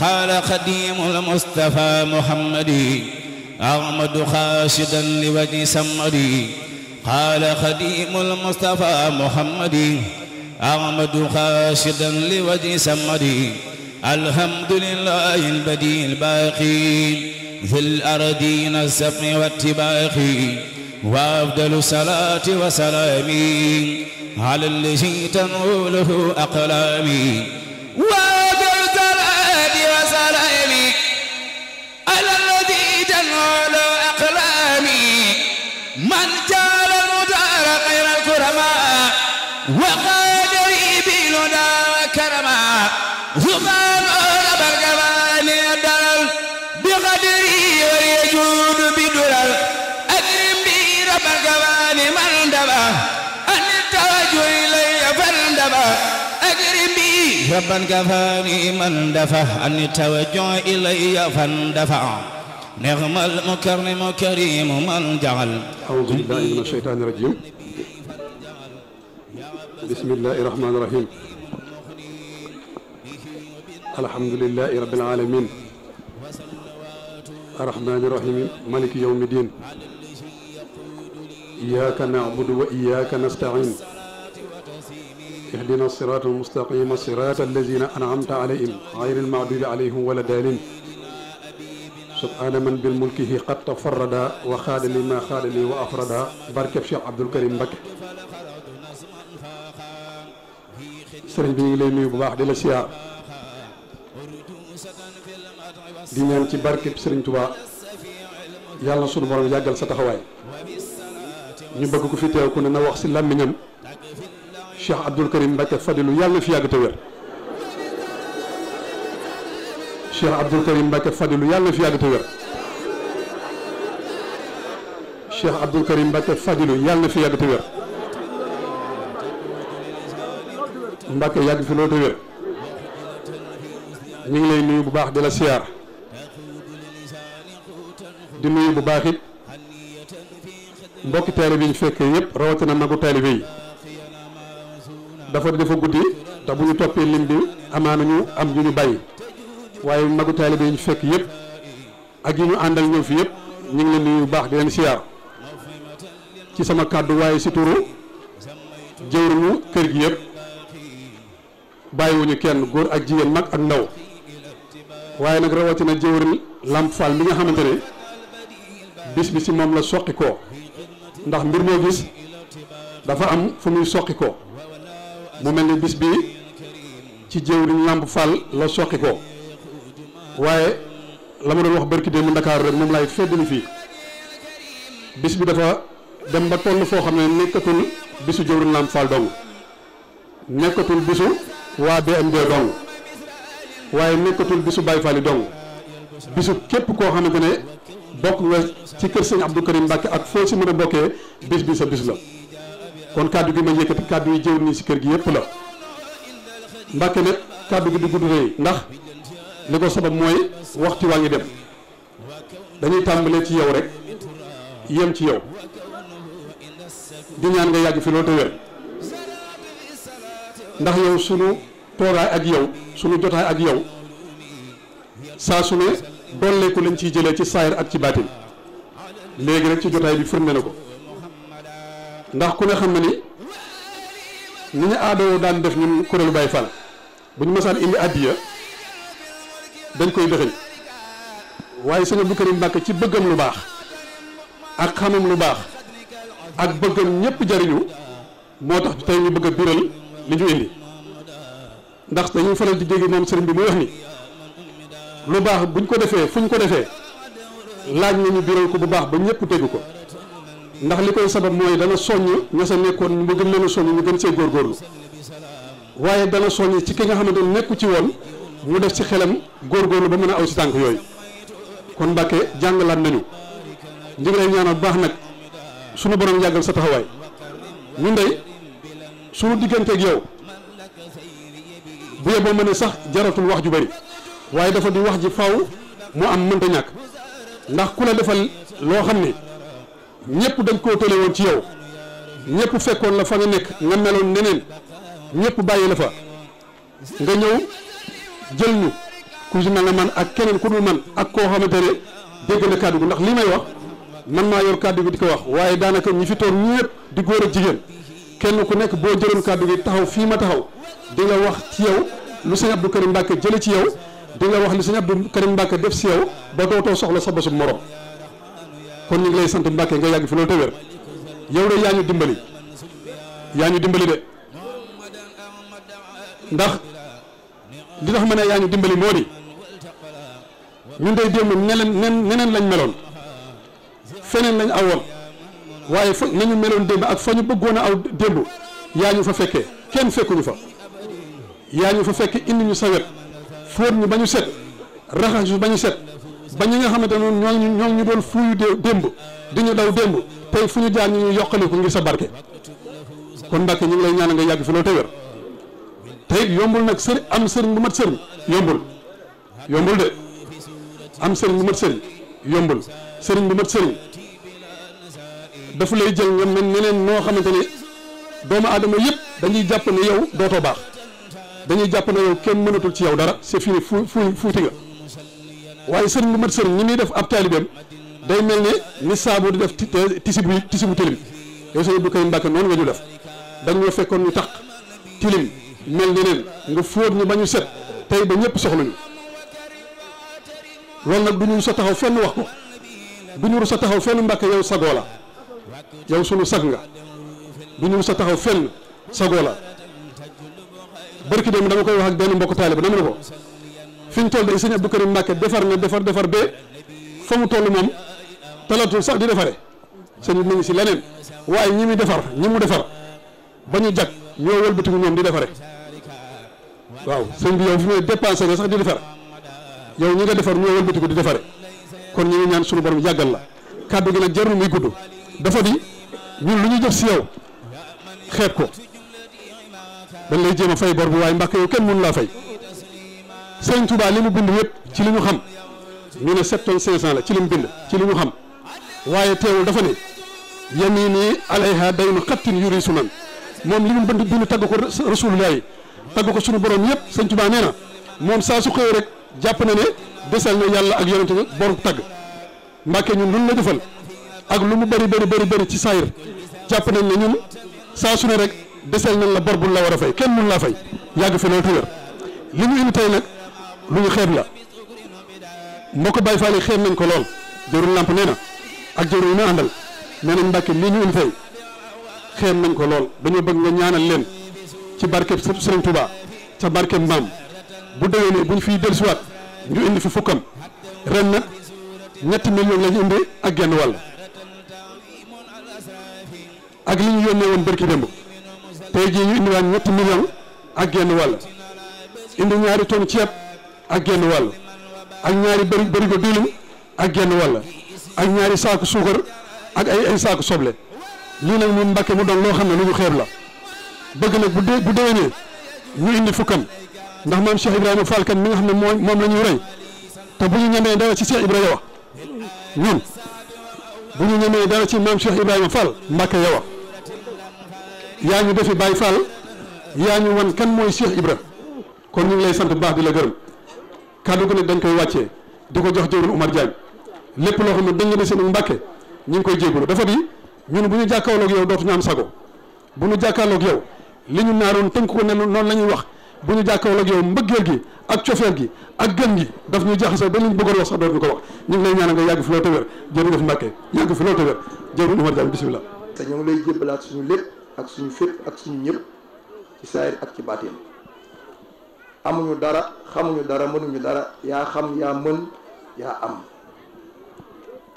قال خديم المصطفى محمدي أغمد خاشدا لوجه سمري قال خديم المصطفى محمدي أغمد خاشدا لوجه سمري الحمد لله البديع الباقي في الأرضين السفن والتباقي وأفضل صلاة وسلامي على الذي تنوله أقلامي وقاد ريبي لنا كرما زمان أرب الجبان يدل بقدري ويجود بدلل أكرم بي رب الجبان من دبا أن التوجه إلي فاندبا أكرم بي رب الجبان من دفع أن التوجه إلي فاندفع نغم المكرم كريم من جعل أعوذ بالله من الشيطان الرجيم bismillahi rahmaani rahim alhamdulilahi rabbil alamin arrahmaani rahim maliki yawmi din iyyaka na'budu wa iyyaka nasta'in ihdina sirata almustaqima sirata allazina an'amta alayhim ghayri almaghdubi alayhim wala dalin subhaana man bil mulkihi qad tafarrada wa xaada li ma xaada li wa afrada barkeb Cheikh Abdoul Karim Mbacké sëriñ bi ñu ngi bu baax di ci barkeb sëriñ Touba yàlla na sa taxawaay bëgg ko fi teew ku si làmmiñam Cheikh Abdoul Karim Mbacke Fadilu yàlla na fi yàgg te wér Cheikh Abdoul Fadilu yàlla na fi yàgg te wér Cheikh Abdoul Karim Fadilu yàlla na fi yàgg Mbàkke yàgg fi loolu te ñu ngi lay nuyu bu baax di la siyaar di nuyu bu baax it mbokki taalibe yi ñu fekk yëpp rawatina magu taalibe yi dafa dafa guddi te bu ñu toppee lim bi amaana ñu am ñu ñu bàyyi waaye magu taalibe yi ñu fekk yëpp ak yi ñu àndal ñëw fi yëpp ñu ngi leen nuyu bu baax di leen siyaar ci sama kàddu waaye si turu jëwriñu kër gi yëpp. bàyyiwuñu kenn góor ak jigéen mag ak ndaw waaye nag rawatina jëwrin Lamp Fall bi nga xamante ne bis bi ci moom la soqi koo ndax mbir moo gis dafa am fu muy soqi koo mu mel ni bis bi ci jëwrin Lamp Fall la soqi koo waaye la ma doon wax barki démb Ndakaaru rek moom laay feddali fii bis bi dafa dem ba toll foo xam ne nekkatul bisu jëwrin Lamp Fall dong nekkatul bisu waa BMD dong waaye nekkatul bisu Baye Fall dong bisu képp koo xamante ne bokk nga ci kër sëñ Abdou Karim Mbacke ak foo si mën a bokkee bis bi sa bis la kon kàddu gi ma yëkkati kàddu yi jëw nii si kër gi yëpp la Mbacke nag kàddu gi du gudd rëy ndax li ko sabab mooy waxti waa ngi dem dañuy tàmbalee ci yow rek yem ci yow di ñaan nga yàgg fi te wér ndax yow sunu toogaay ak yow sunu jotaay ak yow saa su ne dolleeku lañ ciy jëlee ci saayir ak ci baatin léegi rek ci jotaay bi firnde na ko ndax ku ne xam ne ni ni ñu aadoo daan def ñun kuréelu Baay Faal bu ñu masaan indi ya dañ koy dëxëñ waaye sëñ Abdou Karim ci bëggam lu baax ak xamam lu baax ak bëggam ñëpp jariñu moo tax tey ñu bëgg biral li ñu indi ndax dañuy faral di dégg moom sëriñ bi muy wax ni lu baax ñu ko defee fu fuñ ko defee laaj ñu biral ko bu baax ba ñëpp dégg ko ndax li koy sabab mooy dana soññ ña sa nekkoon mu gën leen a soññ ñu gën see góorgóorlu waaye dana soññ ci ki nga xamante ne nekku ci woon mu def ci xelam góorgóorlu ba mën a aw si tànk yooyu kon Mbàkke jàngalaat nañu ñu ngi lay ñaanal baax nag sunu borom yàggal sa taxawaay ñu ndey suñu digganteeg yow bu yeboo ma ne sax jaratul wax ju bari waaye dafa di wax ji faaw mu am mënta ñàkk ndax ku la defal loo xam ne ñëpp dañ koo tële ci yow ñëpp fekkoon la fa nga nekk nga meloon neneen ñëpp bàyyi la fa nga ñëw jël ñu ku ci mel ne man ak keneen ku dul man ak koo xamante ne dégg na kàddu gi ndax li may wax man maa yor kàddu gi di ko wax waaye daanaka ñi fi toog ñëpp di góor ak jigéen kenn ku nekk boo jëloon kàddu gi taxaw fii ma taxaw di wax ci yow lu sëñ Abdou Karim Mbacke jële ci yow di nga wax lu sëñ Abdou Karim Mbacke def si yow ba dootoo soxla sa bosum morom kon ñu ngi lay sant Mbacke nga yàgg fi loolu te wér yow de yaa ñu dimbali yaa ñu dimbali de ndax li tax ma ne yaa ñu dimbali moo di ñun day démb neneen neneen lañ meloon feneen lañ awoon. waaye fa nañu meloon démb ak fa ñu bëggoon a aw démb yaa ñu fa fekkee kenn fekkuñu fa yaa ñu fa fekke indi ñu sa wet fóot ñu ba ñu set raxas ñu ba ñu set ba ñi nga xamante noonu ñoo ñu doon de démb di ñu daw démb tey fu ñu jaan ñu ñu yokkaliku ngir sa barke kon Mbàkke ñu ngi lay ñaan nga yàgg fi loolu te tey yombul nag sëriñ am sëriñ bu mat sëriñ yombul yombul de am sëriñ bu mat sëriñ yombul sëriñ bu mat sëriñ dafa lay jël nga mel neneen noo xamante ni doomu aadama yëpp dañuy jàpp ne yow dootoo baax dañuy jàpp ne yow kenn mënatul ci yow dara c'est fini fu fu fuuti nga waaye sëriñ bu mat sëriñ ni muy def ab taalibeem day mel ne ni saabu di def tisi bu tisi bu tilim yow sëriñ bu koy mbàkke noonu nga ñu def dañoo fekkoon ñu tax tilim mel neneen nga fóot ñu ba set tey ba ñëpp soxla ñu loolu nag du ñu sa taxaw fenn wax ko du ñu sa taxaw fenn mbàkke yow sagoo la yow sunu sag nga du ñu sa taxaw fenn sagoo la barki dem dama koy wax ak benn mbokk taaliba dama ne ko fi ñu toll day sëñ Abdou Karim Mbàkke defar na defar defar ba fa mu toll moom talatul sax di defare sëñ bi mu si leneen waaye ñi muy defar ñi mu defar ba ñu jag ñoo wëlbatiku ñoom di defare waaw sëñ bi yow fi muy dépensé nga sax di defar yow ñi nga defar ñoo ko di defare kon ñu ngi ñaan sunu borom yàggal la kàddu gi nag jarul muy gudd dafa di ñun lu ñu jëf si yow xeeb ko dañ lay jéem a fay bor bi waaye mbàkk yow kenn mënu laa fay sëñ Touba li mu bind yëpp ci li ñu xam ñu ne sept tonnes cinq la ci li mu bind ci lu ñu xam waaye teewul dafa ne yamini alayha daynu xattin yuri sunan moom li mu bind bind tagg ko rasulullah yi tagg ko suñu borom yëpp sëñ Touba nee na moom saa su xëyee rek jàpp na ne desal na yàlla ak yonente bi tagg mbàkke ñun luñ la jëfal ak lu mu bëri bëri bari bëri ci saayir jàpp nañ ne ñun saa sune ne rek deseel nañ la bor bu la war a fay kenn mun laa fay yàgg fi loolu tuwér li ñu indi tey nag lu ñu xeeb la moo ko fa faale xeeb nañ ko lool jëruñ làmp nee na ak jëruñ ma àndal nee nañ mbàkke lii ñu indi tey xeeb nañ ko lool dañoo bëgg nga ñaanal leen ci barkeb Sëriñ Touba ca barkeb maam bu déwénee bu ñu fiy dellusiwaat ñu indi fi fukkam ren nag ñetti million lañu indi ak genn wàll ak li ñu yónnee woon bërki démb tey jii ñu indiwaan ñetti million ak genn wàll indi ñaari ton ceeb ak genn wàll ak ñaari bëri bërigo diwlin ak genn wàll ak ñaari saaku suukar ak ay ay saaku soble lii nag moom Mbàkke mu doon loo xam ne lu ñu xeeb la bëgg nag bu dee bu déwénee ñu indi fukkan ndax maam Cheikh Ibrahima Fall kan mi nga xam ne moom moom la ñuy te bu ñu ñemee dara ci Cheikh Ibrahima wax ñun bu ñu ci maam Cheikh Ibrahima Fall yaa ñu defi Baye Fall yaa ñu wan kenn mooy Cheikh Ibra kon ñu ngi lay sant bu baax di la gërëm kàddu gu ne dañ koy wàccee di ko jox jëwriñ Oumar Diagne lépp loo xam ne dañ ne seen mbàkke ñu ngi koy jégalu dafa di ñun bu ñu jàkkaarloog yow dootuñu am sago bu ñu jàkkaarloog yow li ñu naaroon tënk ko ne noonu la ñuy wax bu ñu jàkkaarloog yow mbëggeel gi ak cofeel gi ak gën gi daf ñuy jaxasoo ba li ñu bëggoon wax sax ko wax ñu lay ñaanal nga yàgg fi loolu te wér jërëjëf Mbàkke yàgg fi loolu te wér jëwriñ Oumar Diagne ñoo ngi lay jébbalaat suñu ak suñu fépp ak suñu ñëpp ci saayir ak ci baatin amuñu dara xamuñu dara mënuñu dara yaa xam yaa mën yaa am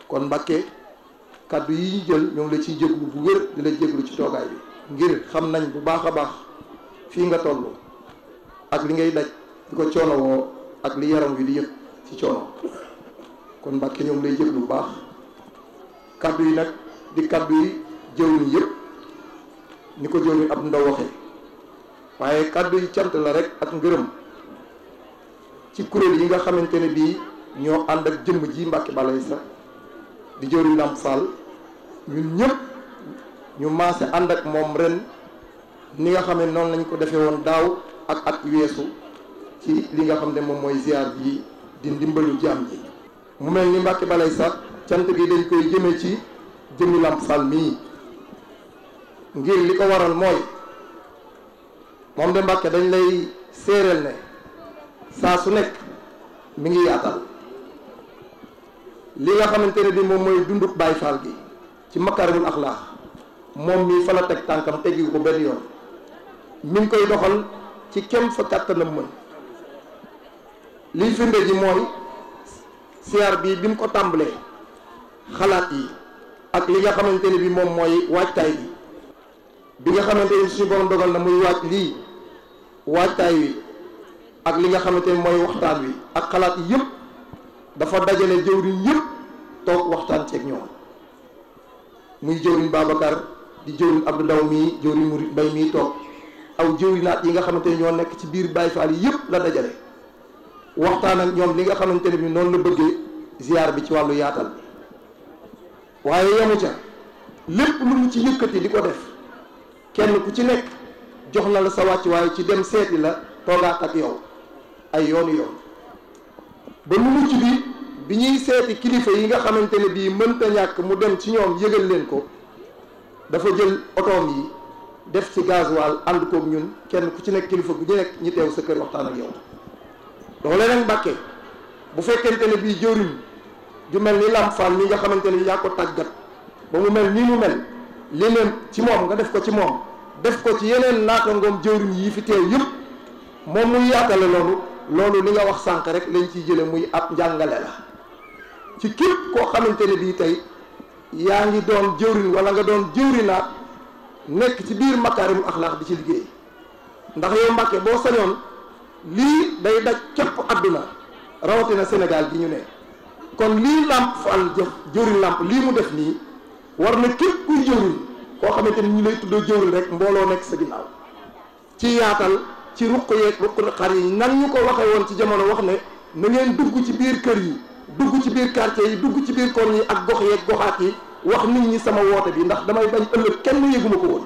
kon Mbàkke kàddu yi ñu jël ñoom la ciy jéglu bu wér di jéglu ci toogaay bi ngir xam nañ bu baax a baax fii nga tollu ak li ngay daj di ko coono woo ak li yaram wi di yëg ci coono kon Mbàkke ñoo ngi lay jéglu baax kàddu yi nag di kàddu yi jëw ni yëpp ni ko jëwriñ ab ndaw waaye kàddu cant la rek ak ngërëm ci kuréel yi nga xamante ne bii ñoo ànd ak jëmm ji Mbàkke balay sax di jëwriñ Lamp Fall ñun ñëpp ñu maase ànd ak moom ren ni nga xam ne noonu lañ ko defee woon daaw ak at weesu ci li nga xam ne moom mooy ziar yi di ndimbalu jaam ji mu mel ni Mbàkke balay sax cant bi dañ koy jëmee ci jëmmi Lamp Fall mii ngir li ko waral mooy moom de Mbàkke dañ lay séeréel ne saa su nekk mi ngi yaatal li nga xamante ne bi moom mooy dunduk Baay Faal gi ci makaarimul axlaax moom mii fa la teg tànkam tegiwu ko benn yoon mi ngi koy doxal ci kem fa kàttanam mën liy firnde ji mooy siyaar bi bi mu ko tàmbale xalaat yi ak li nga xamante ne bi moom mooy waajtaay gi bi nga xamante ni suñu borom dogal na muy waaj lii waajtaay wi ak li nga xamante ni mooy waxtaan wi ak xalaat yi yëpp dafa dajale jëwriñ yëpp toog waxtaan ceeg ñoom muy jëwriñ Babacar di jëwriñ Abdou Ndaw mii jëwriñ Murid Mbay mii toog aw jëwriñaat yi nga xamante ni ñoo nekk ci biir Baye Fall yi yëpp la dajale waxtaan ak ñoom li nga xamante ne bi noonu la bëggee ziar bi ci wàllu yaatal waaye yemu ca lépp lu mu ci yëkkati di ko def kenn ku ci nekk jox na la sa wàccuwaay ci dem seeti la toogaat ak yow ay yoonu yoon ba mu mucc bi bi ñuy seeti kilifa yi nga xamante ne bii mënta ñàkk mu dem ci ñoom yëgal leen ko dafa jël otoom yi def ci gasoil ànd kook ñun kenn ku ci nekk kilifa gu ñu nekk ñi teew sa kër waxtaan ak yow donc leneen mbàkke bu fekkente ne bii jëriñ ju mel ni Lamp Fall mi nga xamante ne yaa ko tàggat ba mu mel nii mu mel li leen ci moom nga def ko ci moom def ko ci yeneen naatangoom jëwriñ yi fi teew yëpp moom muy yaatale loolu loolu li nga wax sànq rek lañ ciy jële muy ab njàngale la ci képp koo xamante ne bii tey yaa ngi doon jëwriñ wala nga doon jëwrinaat nekk ci biir makaarimul axlaax bi ci liggéey ndax yow Mbàkke boo sañoon lii day daj képp àdduna rawatina senegal gi ñu ne kon lii làmp faal jëf jëwriñ làmp lii mu def nii war na képp kuy jëwriñ koo xamante ni ñu lay tuddoo jëwri rek mbooloo nekk sa ginnaaw ci yaatal ci ruq yeeg ruq xar yi nan ñu ko waxee woon ci jamono wax ne na dugg ci biir kër yi dugg ci biir quartier yi dugg ci biir koñ yi ak gox yeeg goxaat yi wax nit ñi sama woote bi ndax damay bañ ëllëg kenn yëguma ko woon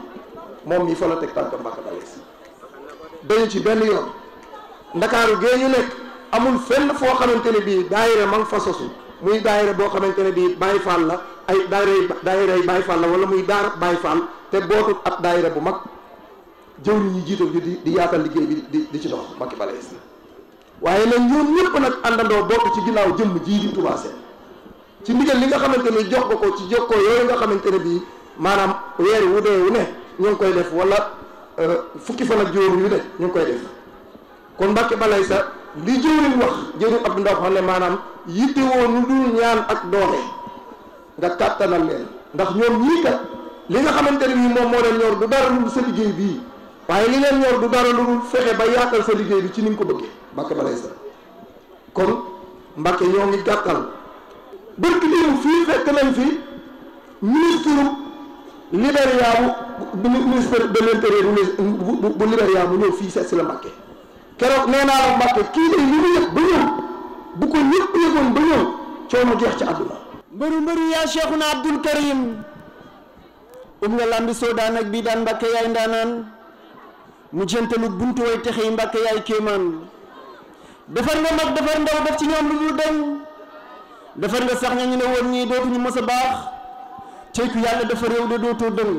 moom mii fa la teg tànk Mbàkke Balla Si dañu ci benn yoon ndakaaru gee ñu nekk amul fenn foo xamante ne bii daayira ma nga fa sosu muy daayira boo xamante ne bii Baay Faal la ay daayira daayira Baay Faal la wala muy daar bay Faal te bootu ab daayira bu mag jëw ni ñu jiital ñu di di yaatal liggéey bi di di ci dox Mbàkke bala is waaye nag ñoom ñëpp nag àndandoo bokk ci ginnaaw jëmm jii di Touba Sene ci ndigal li nga xamante ni jox ko ko ci jokkoo yooyu nga xamante ne bii maanaam weer wu dee wu ne ñu ngi koy def wala euh, fukki fan ak juróom yu ne ñu ngi koy def kon Mbàkke balay sax li jëwriñ wax ab Abdou Ndaw xam ne maanaam yitte woon lu ñaan ak doole nga kàttanal leen ndax ñoom ñii kat li nga xamante ne nii moom moo leen ñor du dara lu sa liggéey bii waaye li leen ñor du dara lu fexe ba yaatal sa liggéey bi ci ni ko bëggee Mbàkke balay sa kon Mbàkke ñoo ngi gàttal bërki diiru fii fekk nañ fi ministre Libéria bu ministre de l'intérieur bu bu Libéria mu ñëw fii seet si la Mbàkke keroog nee naa la Mbàkke kii de li mu yëg ba ñëw bu ko ñëpp yëgoon ba ñëw coono jeex ci àdduna mbëru mbëru yaa cheikhuna abdul karim um nga lambi soo daan ak bii daan mbàkke yaay ndaanaan mu jëntalu buntu way texey mbàkke yaay kéemaan defar nga mag defar ndaw ci ñoom lu dul defar nga sax ña ñu ne woon ñii dootuñu ñu a baax tey ku yàlla dafa réew de dootoo dëng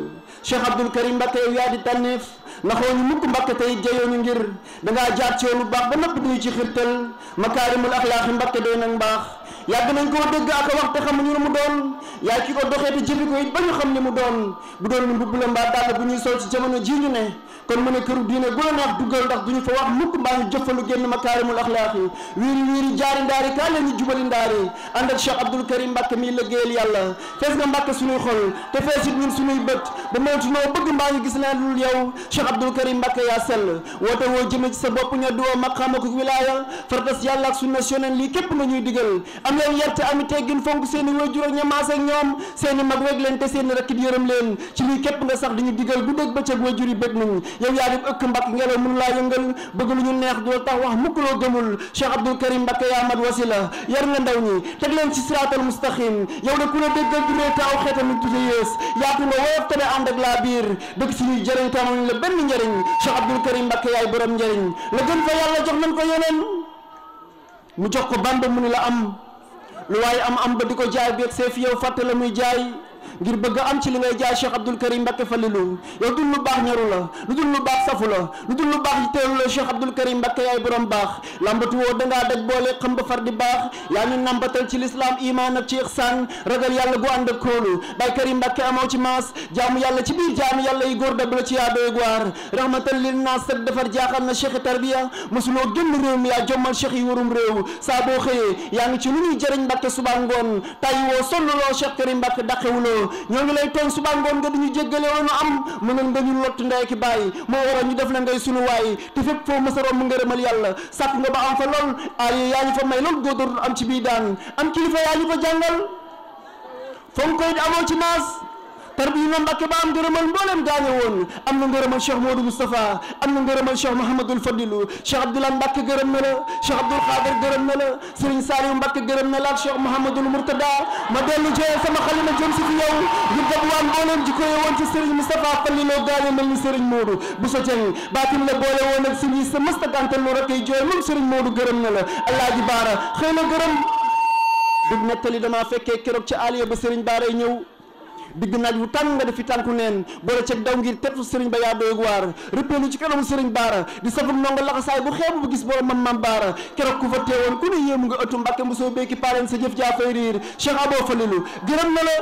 cheikh abdul karim mbàkke yow yaa di tànneef naxoo ñu mukk mbàkke tey jayoo ñu ngir dangaa jaar ci yoonu baax ba nopp duñu ci xirtal makaarimul axlaaxi mbàkke doy nag mbaax yàgg nañ koo dégg ak a wax te xamuñu lu mu doon yaa ki ko doxee te jëfi ko it ba ñu xam ni mu doon bu doon mbubb la baa dàll bu ñuy sol ci jamono jii ñu ne kon mu ne këru diine gu la neex duggal ndax duñu fa wax mukk mbaa ñu jëfalu génn makaarimul axlaaq yi wiiri jaari ndaari kaa leen jubali ndaari ànd ak Cheikh Abdoul Karim Mbàkke mi liggéeyal yàlla fees nga Mbàkke suñuy xol te fees it ñun suñuy bët ba moytu noo bëgg mbaa ñu gis leen dul yow Cheikh Abdoul Karim Mbàkke woo jëme ci sa bopp ña duwoo maqaama ko wilaaya yàlla ak sunna yonent lii képp nga ñuy digal am leen yarte ami teggin fonk seen i waajur ak ña maase ak ñoom seen i mag weg leen te seen i rakkit yërëm leen ci lii képp nga sax yow yaa dib ëkk mbakk ngelaw mun laa yëngal bëgg lu ñu neex du la tax wax mukk loo gëmul Cheikh Abdou Karim Mbacké yaa mat wasila yar nga ndaw ñi teg leen siraatal mustaqim yow de ku la déggal du ree taaw xeetam du te yées yaatu nga woyof te de ànd ak laa biir dëkk si ñuy jëriñ tamañ la benn njëriñ Cheikh Abdou Karim Mbacké yaay borom njëriñ la gën fa yàlla jox nañ ko yeneen mu jox ko bàmba mu ni la am lu waaye am am ba di ko jaay bi ak see fi yow ngir bëgg am ci li ngay jaay Cheikh Abdoul Karim Mbacké Falilou yow dul lu baax ñoru la lu dul lu baax safu la lu dul baax teelu la Cheikh Abdoul Karim Mbacké yaay borom baax lambatu woo dangaa daj boole xam ba far baax yaa ñu nambatal ci lislaam iman ak ci ixsaan ragal yàlla gu ànd ak kóolu bay Karim Mbacké amoo ci maas jaamu yàlla ci biir jaamu yàlla yi góor dab ci yaa doy waar rahmatal lil naas sag defar jaaxal na Cheikh tarbiya mosuloo génn réew mi yaa yi warum réew saa boo xëyee yaa ngi ci lu ñuy jëriñ Mbacké suba ngoon tay woo sonn loo Cheikh Karim Mbacké daqewuloo woon ñoo ngi lay tooñ suba ngoon nga dañu jéggale woon am mu ne dañu lott ndey ki bàyyi moo waral ñu def la ngay sunu waay foo mësa romb ngërëmal yàlla sàkk nga ba am fa lool ay yaa fa may lool góor am ci bii daan am kilifa yaa fa jàngal fonk koy amoo ci naas tarbiya na Mbàkke ba am ngërëmal mbooleem gaañe woon am na ngërëmal Cheikh Modou Moustapha am na ngërëmal Cheikh Mouhamadul Fadilu Cheikh Abdoulaye Mbàkke gërëm na la Cheikh Abdoul Xaadir gërëm na la Serigne gërëm na la ak Cheikh Mouhamadul ma dellu jëlee sama xalima jëm si fi yow di dabwaan mbooleem ji koy woon ci Serigne Moustapha falliloo gaañe mel ni Serigne Modou bu sa jëng baatim la boole woon ak Serigne sa mëstagantal lu rakkay jooy moom gërëm na la Alaaji Baara xëy na gërëm dug nettali damaa fekkee keroog ci aliya ba Serigne Baara ñëw digg naaj wu tàng nga defi tànku neen boole ceeb daw ngir tertu sëriñ ba yaa doy waar rëppeelu ci kanamu sëriñ baara di safug ndongo laxasaay bu xeebu bu gis borom mam mam baara keroog ku fa teewoon ku ne yéemu nga ëttu mbàkke mbosoo béyki paaleen sa jëf jaa fay riir cheikh aboo falilu na la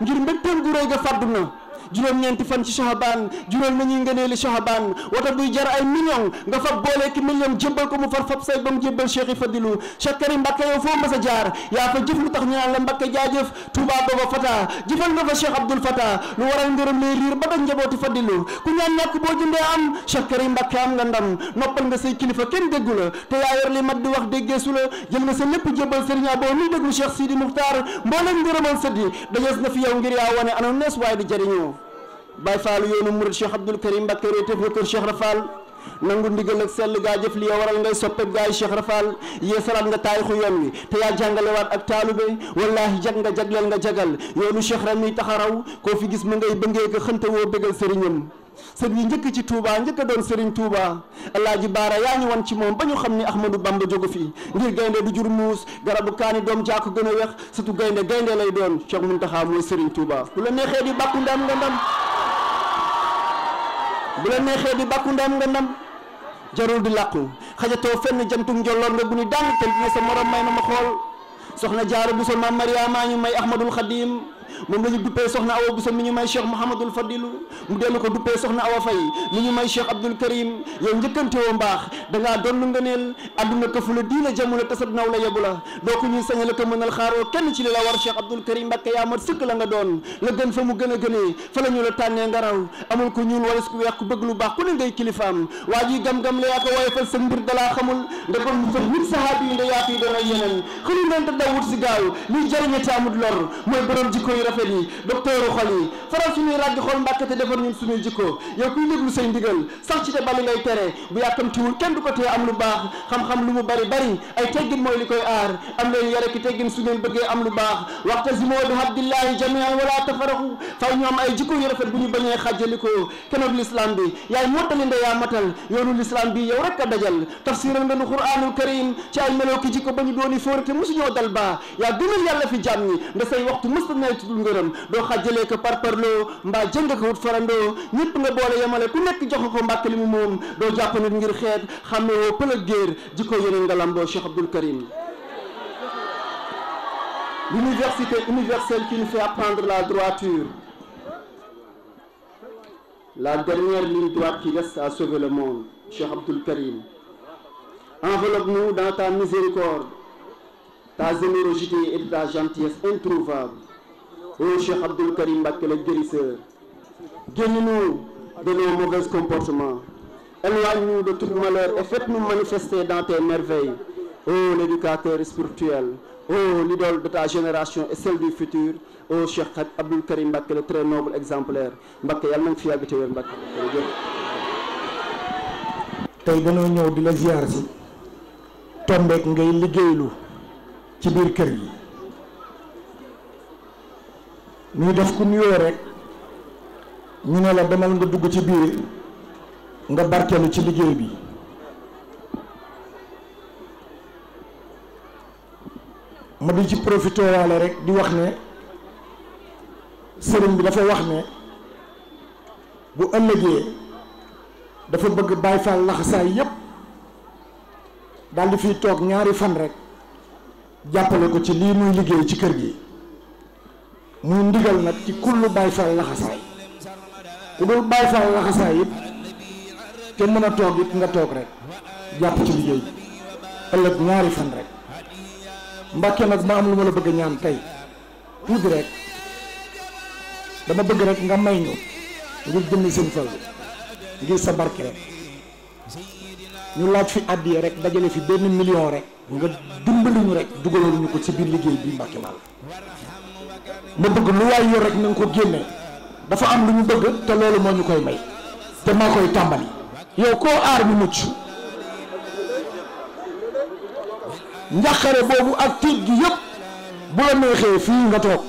ngir mbégteem gu réy ga fàddu na juróom-ñeenti fan ci Chaabaan juróom nañuy ngëneeli Chaabaan wata buy jar ay million nga fab boolee ki million jébbal ko mu far fab say ba mu jébbal Cheikh Fadilu Cheikh Karim yow foo mas a jaar yaa fa jëf lu tax ñu naan la Mbàkke jaajëf Touba booba Fata jëfal nga fa Cheikh Abdoul Fata lu waral ngërëm lay riir ba tax njabooti Fadilu ku ñaan ñàkk boo jëndee am Cheikh Karim Mbàkke am nga ndam noppal nga say kilifa kenn déggu la te yaa yor li wax déggeesu la jël nga sa lépp jébbal Sëriñ Abo nuy déglu Cheikh Sidi Muxtaar Baye Fall yoonu murid Cheikh Abdoul Karim Mbacké ree tëf na kër Cheikh Rafal nangu ndigal ak sell gaa jëf li ya waral ngay soppeek gaa yi Cheikh Rafal yee salaat nga taarixu yoon wi te yaa jàngalewaat ak taalube wallaahi jag nga jagleel nga jagal koo fi gis mu ngay bëngee ko xënte woo bëggal sëriñam sët yi njëkk ci Touba njëkk a doon Serigne Touba Alaaji Baara yaa ñu wan ci moom ba ñu xam ni Ahmadou Bamba jógu fi ngir gaynde du jur muus garabu kaani doom jaako gën a weex surtout gaynde gaynde lay doon Cheikh Mountakha mooy Serigne Touba bu la bu la neexee di bàkku ndam nga ndam jarul di làqu xajatoo fenn jantum njolloor nga guni dàng te ne sa morom may na ma xool soxna jaaru bu sa maam Mariama ñu may Ahmadul Xadim moom la ñu duppee soxna a Bousso mi ñu may cheikh mouhamadul fadilu mu dellu ko duppee soxna a fay mi ñu may cheikh abdul karim yow njëkkante woo mbaax dangaa doon lu ngëneel adduna këfu la diina jamu la tasab naw la yebu la doo ko ñuy sañ la ko mënal xaaroo kenn ci li la war cheikh abdul karim mbàkke yaa mat sëkk la nga doon la gën fa mu gën a gënee fa la la tànnee nga raw amul ku ñuul wala ku weex ku bëgg lu baax ku ne ngay kilifaam waa ji yu rafet yi docteur xol yi faral suñuy ràgg xol mbàkk te defar ñun leen yare yaa matal yoonu l'islam bi yow rek a dajal tafsiral nga nu qur'anul karim ci ay meloo ki jikko ba ñu dooni fóorate mosuñoo dal baa yaa gënal yàlla fi jàmm ñi nda say waxtu mësta nawet lu ngërëm doo xajalee ko par parloo mbaa jënd ko wut farandoo ñëpp nga boole yemale ku nekk jox ko mbàkk li mu moom doo jàpp nit ngir xeet xam ne woo pël ak géer jikko yeneen nga lamboo Cheikh Abdoul Karim l'université universelle qui nous fait apprendre la droiture la dernière ligne droite qui reste à sauver le monde Cheikh Abdoul Karim enveloppe-nous dans ta miséricorde ta générosité et ta gentillesse introuvable Oh Cheikh Abdoul Karim Mbacke le guérisseur, guéris-nous de nos mauvais comportements, éloigne-nous de tout malheur et faites-nous manifester dans tes merveilles. Oh l'éducateur spirituel, oh l'idole de ta génération et celle du futur, oh Cheikh Abdoul Karim Mbacke le très noble exemplaire Mbacke yàlla na nga fi yàgg te wér Mbacke. tey dañoo ñëw di la ziar si tombeek ngay liggéeylu ci biir kër yi. ñuy def ku nuyoo rek ñu ne la demal nga dugg ci biir nga barkeelu ci liggéey bi ma di ci profité waale rek di wax ne sëriñ bi dafa wax ne bu ëllëgee dafa bëgg Baay Faal laxasaay yépp daal di fiy toog ñaari fan rek jàppale ko ci lii muy liggéey ci kër gi muy ndigal nag ci kullu Baay Faal laxasaay ku dul Baay Faal laxasaay it te mën a toog it nga toog rek jàpp ci liggéey bi ëllëg ñaari fan rek Mbàkke nag ma am lu ma la bëgg a ñaan tey tuuti rek dama bëgg rek nga may ñu ngir jëmmi seen fal ngir sa barke rek ñu laaj fi àddiyee rek dajale fi benn million rek nga dimbali ñu rek dugaloon ñu ko ci biir liggéey bi Mbàkke Bal ma bëgg lu waay yor rek na nga ko génne dafa am lu ñu bëgg te loolu moo ñu koy may te maa koy tàmbali yow koo aar mu mucc njaqare boobu ak tiit gi yëpp bu la neexee fii nga toog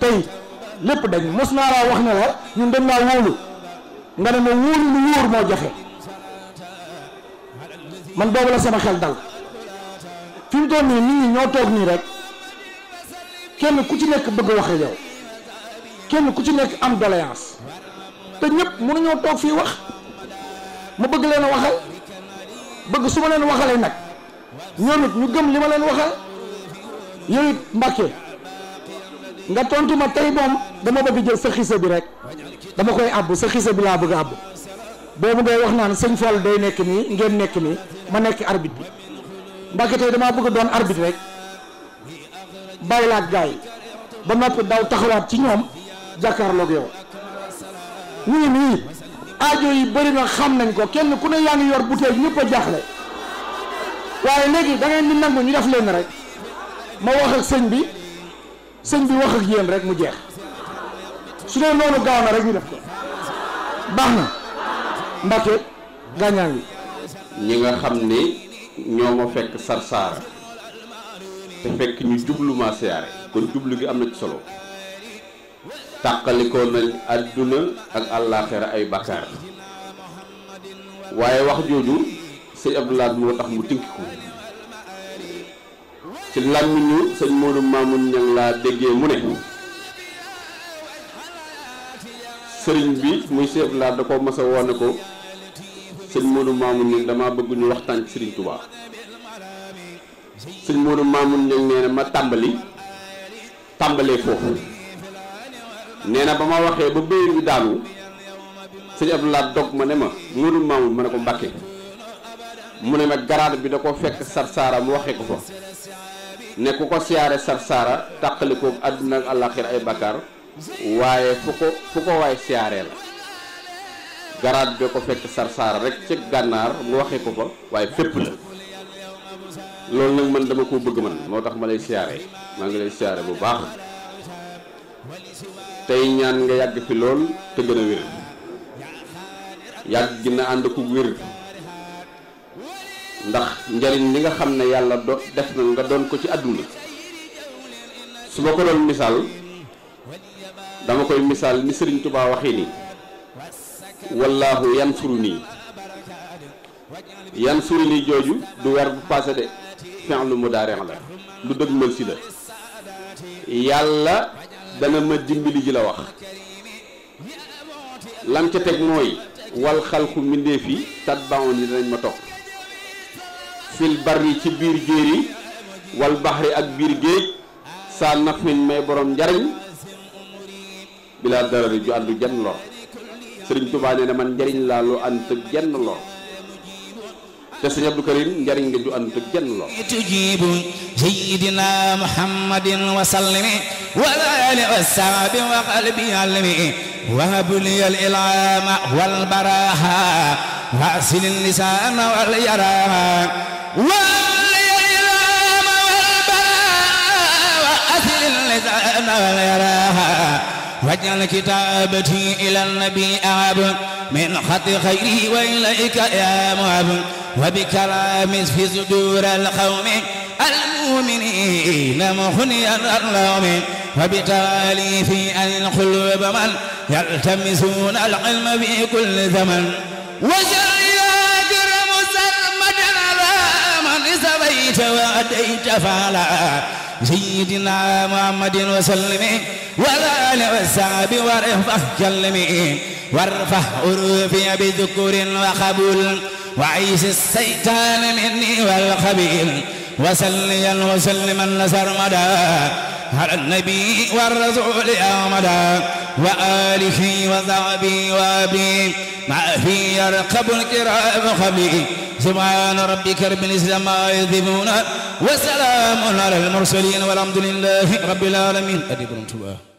tey lépp dañ mos naa laa wax ne la ñun dañ laa wóolu nga ne ma wóolu lu wóor moo jafe man boobu la sama xel dal fi mu nii nit ñi ñoo toog nii rek kenn ku ci nekk bëgg wax ak kenn ku ci nekk am doléance te ñëpp mënuñoo toog fii wax ma bëgg leen a waxal bëgg su ma leen waxalee nag ñoom it ñu gëm li ma leen waxal yow it Mbàkke nga tontu ma tey moom dama bëgg jël sa xise bi rek dama koy àbb sa xise bi laa bëgg a àbb boobu ngay wax naan sëñ Fall day nekk nii ngeen nekk nii ma nekk arbitre bi Mbàkke damaa bëgg doon arbitre rek. bàyyi la ak yi ba noppi daw taxawaat ci ñoom jàkkaarloog yow nii nii aajo yi bëri na xam nañ ko kenn ku ne yaa ngi yor bouteille ñëpp a jaaxle waaye léegi da ngeen di nangu ñu def leen rek ma wax ak sëñ bi sëñ bi wax ak yéen rek mu jeex su dee noonu gaaw na rek ñu def ko baax na Mbacke gaañaa ngi ñi nga xam ni ñoo ma fekk Sarsara te fekk ñu jublu maa siyaare kon jublu gi am na solo tàqalikoo nañ àdduna ak àllaaxira ay bàkkaar waaye wax jooju sëñ Abdoulaye moo tax mu tënk ko ci làmmiñu sëñ Modou Mamoun ña laa déggee mu ne sëriñ bi muy sëñ Abdoulaye da ko mas a woone ko sëñ Modou Mamoun ni dama bëgg waxtaan ci sëriñ Touba. sëñ Modou Mamoun Niang nee na ma tàmbali tàmbalee foofu nee na ba ma waxee ba béyër bi daanu sëñ Abdoulaye dog ma ne ma Modou Mamoun ma ne ko Mbàkke mu ne ma garaat bi da ko fekk Sarsara mu waxee ko fa ne ku ko siyaare Sarsara tàqali koog àdduna ak àllaaxira ay bakkaar waaye fu ko fu ko waay siyaaree la garaat bi da ko fekk Sarsara rek ci gànnaar mu waxee ko fa waaye fépp la loolu nag mën dama koo bëgg man moo tax ma lay siyaare maa ngi lay siyaare bu baax tey ñaan nga yàgg fi lool te gën a wér yàgg na ànd ku wér ndax njariñ li nga xam ne yàlla do def na nga doon ko ci àdduna su ma ko doon misaal dama koy misaal ni sëriñ Tubaa waxee nii wallaahu yansuru nii yansuru nii jooju du weer bu paase de fi'lu mudaari la lu dëgmal si la yàlla dana ma dimbali ji la wax lam ca teg mooy wal xalqu mbindeef yi tatba'un yi danañ ma topp fil barri ci biir géer yi wal baxri ak biir géej saa nafin may borom njariñ bilaa darari ju àndu jenn lor sëriñ Tuubaa nee njariñ laa lu ànd ak jenn lor te sëñ Abdou Karim njariñ nga ju ànd ak jenn lool tujibu sayyidina muhammadin wa sallimi wa ali wa sahbi wa qalbi almi wa habli al ilama wal baraha wa asil lisan wal yaraha wa al ilama wal baraha wa asil lisan wal yaraha واجعل كتابتي إلى النبي أعب من خط خيري وإليك يا معب وبكلام في صدور القوم المؤمنين مخنيا اللوم وبتالي في القلوب من يلتمسون العلم في كل زمن وجعل وأديت فعلا سيدنا محمد وسلم والآل والسعب وارفع كلمي وارفع أروفي بذكر وقبول وعيش السيطان مني والخبيل وسليا وسلما لسرمدا على النبي والرسول أمدا وآله وصحبه وأبي ما في يرقب الكرام قبلي سبحان ربك رب الإسلام يذبون وسلام على المرسلين والحمد لله رب العالمين أدي برمتوا